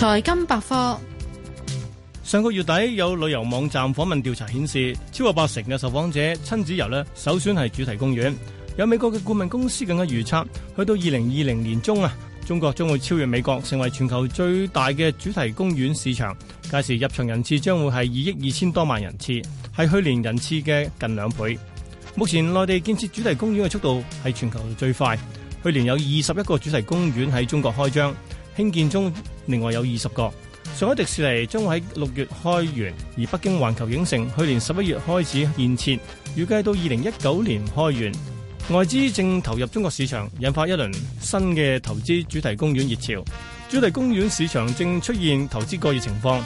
財金百科。上個月底有旅遊網站訪問調查顯示，超過八成嘅受訪者親子遊呢，首選係主題公園。有美國嘅顧問公司更加預測，去到二零二零年中啊，中國將會超越美國，成為全球最大嘅主題公園市場。屆時入場人次將會係二億二千多萬人次，係去年人次嘅近兩倍。目前內地建設主題公園嘅速度係全球最快，去年有二十一個主題公園喺中國開張。興建中，另外有二十個。上海迪士尼將會喺六月開園，而北京環球影城去年十一月開始建設，預計到二零一九年開園。外資正投入中國市場，引發一輪新嘅投資主題公園熱潮。主題公園市場正出現投資過熱情況，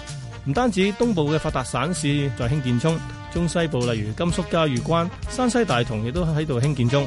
唔單止東部嘅發達省市在興建中，中西部例如甘肅嘉峪關、山西大同亦都喺度興建中。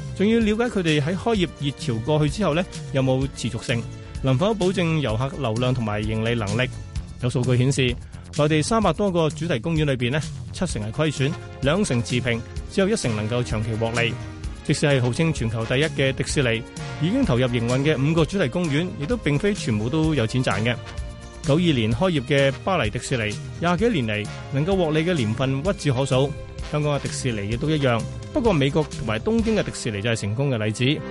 仲要了解佢哋喺開業熱潮過去之後咧，有冇持續性，能否保證遊客流量同埋盈利能力？有數據顯示，內地三百多個主題公園裏邊咧，七成係虧損，兩成持平，只有一成能夠長期獲利。即使係號稱全球第一嘅迪士尼，已經投入營運嘅五個主題公園，亦都並非全部都有錢賺嘅。九二年開業嘅巴黎迪士尼，廿幾年嚟能夠獲利嘅年份屈指可數。香港嘅迪士尼亦都一樣。不過，美國同埋東京嘅迪士尼就係成功嘅例子。